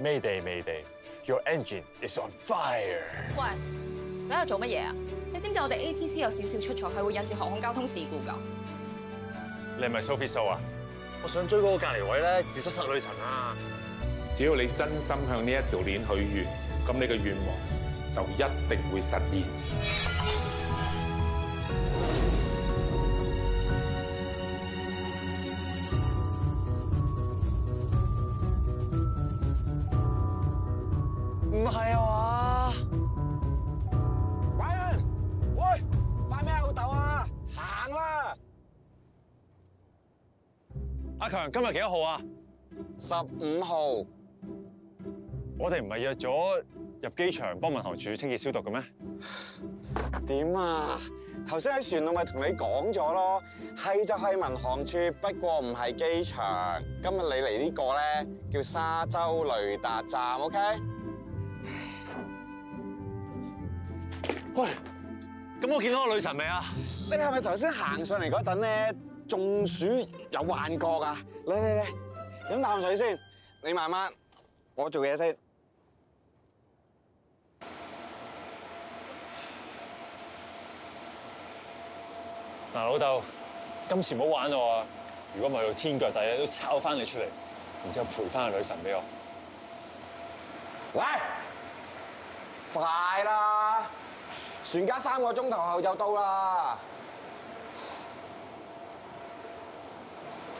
Mayday, Mayday，Your engine is on fire。喂，你喺度做乜嘢啊？你知唔知道我哋 ATC 有少少出錯，係會引致航空交通事故噶？你係咪 Sophie So 啊？我想追嗰個隔離位咧，自失失女神啊！只要你真心向呢一條鏈許願，咁你嘅願望就一定會實現。阿強，今日幾多號啊？十五號。我哋唔係約咗入機場幫民航處清潔消毒嘅咩？點啊？頭先喺船度咪同你講咗咯，係就係民航處，不過唔係機場。今日你嚟呢個咧，叫沙洲雷達站，OK？喂，咁我見到個女神未啊？你係咪頭先行上嚟嗰陣咧？中暑有幻覺㗎！嚟嚟嚟，飲啖水先。你慢慢，我做嘢先。嗱，老豆，今次唔好玩我啊！如果唔係到天腳底都抄翻你出嚟，然之後賠翻個女神俾我。喂，快啦，船家三個鐘頭後就到啦。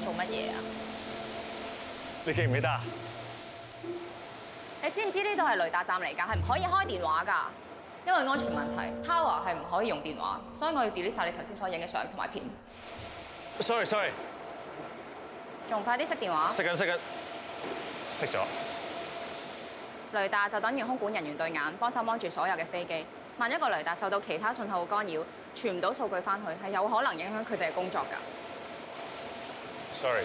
做乜嘢啊？你記唔記得啊？你知唔知呢度係雷達站嚟㗎？係唔可以開電話㗎，因為安全問題。Power 係唔可以用電話，所以我要 delete 晒你頭先所影嘅相同埋片。Sorry，Sorry，仲快啲熄電話。熄緊，熄緊，熄咗。雷達就等於空管人員對眼，幫手望住所有嘅飛機。萬一個雷達受到其他信號嘅干擾，傳唔到數據翻去，係有可能影響佢哋嘅工作㗎。Sorry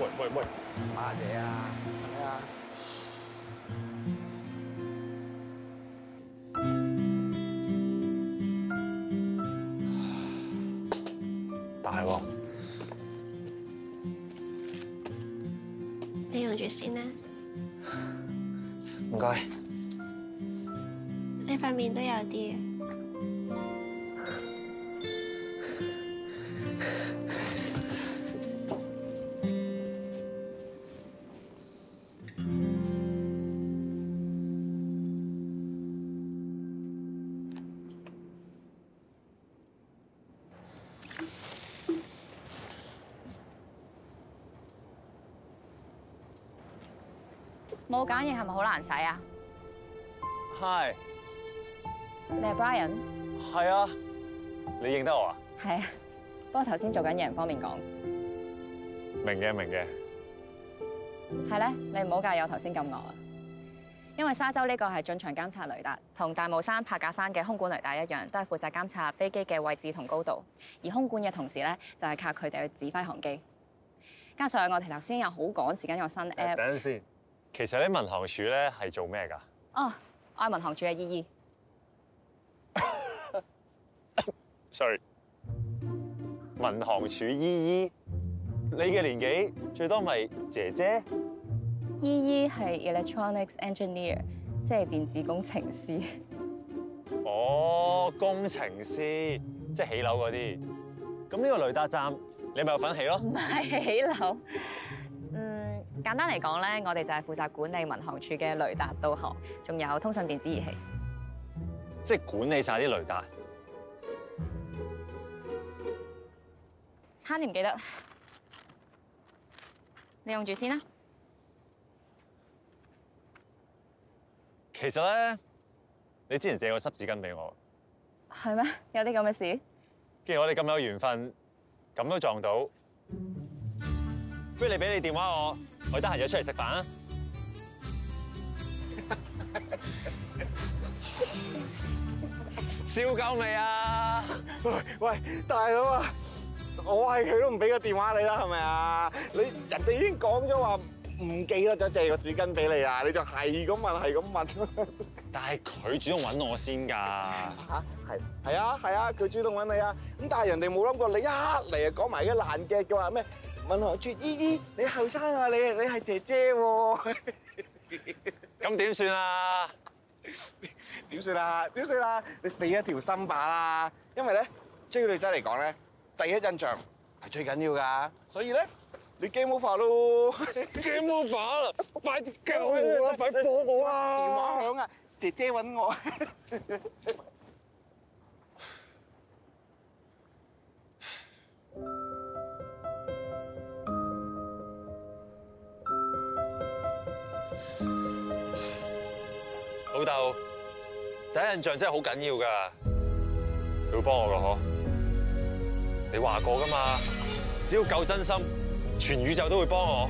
喂喂。喂喂喂，阿姐啊，咩啊？大鑊，糕你用住先啦。唔該。呢塊面都有啲，冇簡易係咪好難洗啊？係。你係 Brian？係啊，你認得我啊？係啊，不過頭先做緊嘢唔方便講。明嘅明嘅。係咧，你唔好介意我頭先咁耐啊。因為沙洲呢個係進場監察雷達，同大帽山、柏架山嘅空管雷達一樣，都係負責監察飛機嘅位置同高度。而空管嘅同事咧，就係靠佢哋去指揮航機。加上我哋頭先又好趕，時間有新。App 等陣，先，其實咧，民航處咧係做咩噶？哦，我係民航處嘅姨姨。Sorry，民航處姨姨，你嘅年紀最多咪姐姐？姨姨係 electronics engineer，即係電子工程師。程師，哦，工程師，即係起樓嗰啲。咁呢個雷達站，你咪有份起咯？唔係起樓，嗯，簡單嚟講咧，我哋就係負責管理民航處嘅雷達導航，仲有通訊電子儀器。即係管理晒啲雷達。差啲唔記得，你用住先啦。其實咧，你之前借個濕紙巾俾我。係咩？有啲咁嘅事？既然我哋咁有緣分，咁都撞到，不如你俾你電話我，我得閒就出嚟食飯啊！笑夠未啊？喂喂，大佬啊！我係佢都唔俾個電話你啦，係咪啊？你人哋已經講咗話唔記得咗，就借個紙巾俾你啦，你就係咁問，係咁問。但係佢主動搵我先噶。吓？係係啊，係啊，佢主動搵你啊。咁但係人哋冇諗過，你一嚟就講埋啲爛嘢，叫話咩？問我朱姨姨，你後生？啊，你你係姐姐？咁點算啊？點算啦？點算啦？你死一條心吧啦！因為咧，追女仔嚟講咧。第一印象係最緊要㗎，所以呢，你 game over 咯，game over 啦，快啲救我啦，快幫我啦！電話響啊，姐姐揾我。老豆，第一印象真係好緊要㗎，你會幫我㗎呵？你話過噶嘛？只要夠真心，全宇宙都會幫我。